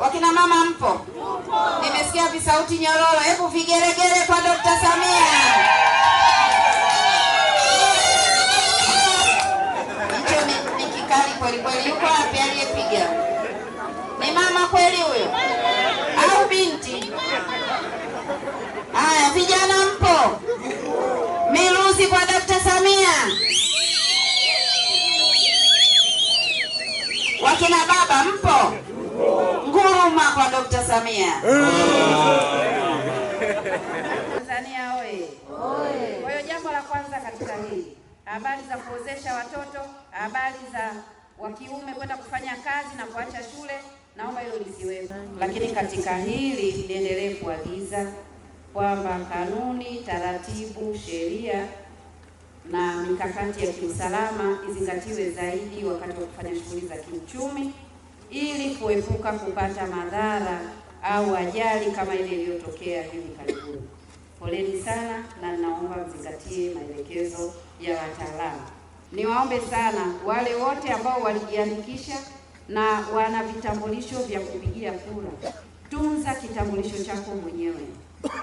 Wakina mama mpo? Nimesikia visauti nyororo, hebu vigeregere kwa Dr. Samia. Hicho ni kikali kweli kweli. Yuko wapi aliyepiga? Ni mama kweli huyo au binti? Haya, vijana mpo? miluzi kwa Dr. Samia. Wakina baba mpo? ngoma kwa Dr. Samia. Tanzania oye! Kwa hiyo jambo la kwanza katika hili, habari za kuozesha watoto, habari za wa kiume kwenda kufanya kazi na kuacha shule, naomba hilo lisiwepo. Lakini katika hili niendelee kuagiza kwamba kanuni, taratibu, sheria na mikakati ya kiusalama izingatiwe zaidi wakati wa kufanya shughuli za kiuchumi kuepuka kupata madhara au ajali kama ile iliyotokea hivi karibuni. Poleni sana na naomba mzingatie maelekezo ya wataalamu. Niwaombe sana wale wote ambao walijiandikisha na wana vitambulisho vya kupigia kura, tunza kitambulisho chako mwenyewe,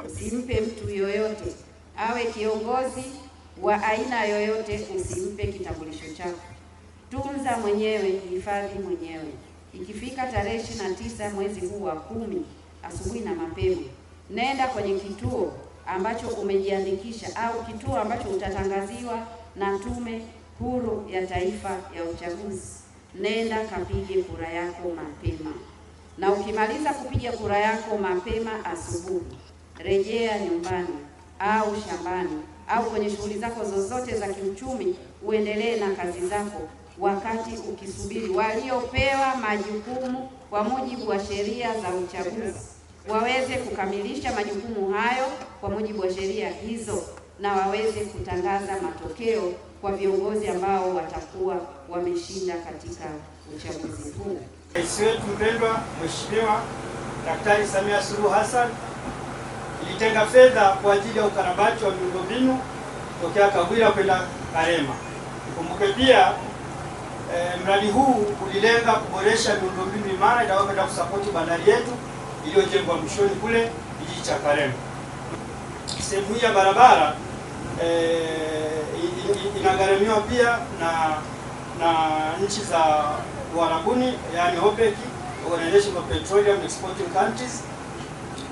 usimpe mtu yoyote, awe kiongozi wa aina yoyote, usimpe kitambulisho chako. Tunza mwenyewe, hifadhi mwenyewe. Ikifika tarehe ishirini na tisa mwezi huu wa kumi asubuhi na mapema, nenda kwenye kituo ambacho umejiandikisha au kituo ambacho utatangaziwa na Tume Huru ya Taifa ya Uchaguzi. Nenda kapige kura yako mapema, na ukimaliza kupiga kura yako mapema asubuhi, rejea nyumbani au shambani au kwenye shughuli zako zozote za kiuchumi, uendelee na kazi zako wakati ukisubiri waliopewa majukumu kwa mujibu wa sheria za uchaguzi waweze kukamilisha majukumu hayo kwa mujibu wa sheria hizo na waweze kutangaza matokeo kwa viongozi ambao watakuwa wameshinda katika uchaguzi huu. Rais wetu mpendwa Mheshimiwa Daktari Samia Suluhu Hassan kutenga fedha kwa ajili ya ukarabati wa miundombinu tokea Kagwira kwenda Karema. Kumbuke pia e, mradi huu ulilenga kuboresha miundombinu imara itakayokwenda kusapoti bandari yetu iliyojengwa mwishoni kule kijiji cha Karema. Sehemu hii ya barabara e, inagharamiwa pia na na nchi za Uarabuni, yani OPEC, Organization of Petroleum Exporting Countries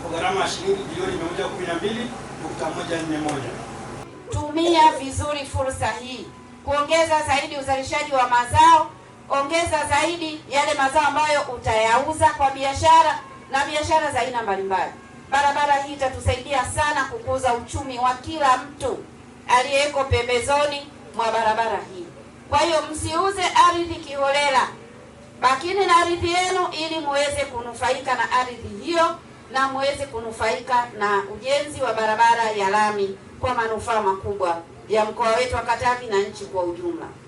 kwa gharama ya shilingi bilioni 112.141. Tumia vizuri fursa hii kuongeza zaidi uzalishaji wa mazao, ongeza zaidi yale mazao ambayo utayauza kwa biashara na biashara za aina mbalimbali. Barabara hii itatusaidia sana kukuza uchumi wa kila mtu aliyeko pembezoni mwa barabara hii. Kwa hiyo msiuze ardhi kiholela, bakini na ardhi yenu ili muweze kunufaika na ardhi hiyo na muweze kunufaika na ujenzi wa barabara ya lami kwa manufaa makubwa ya mkoa wetu wa Katavi na nchi kwa ujumla.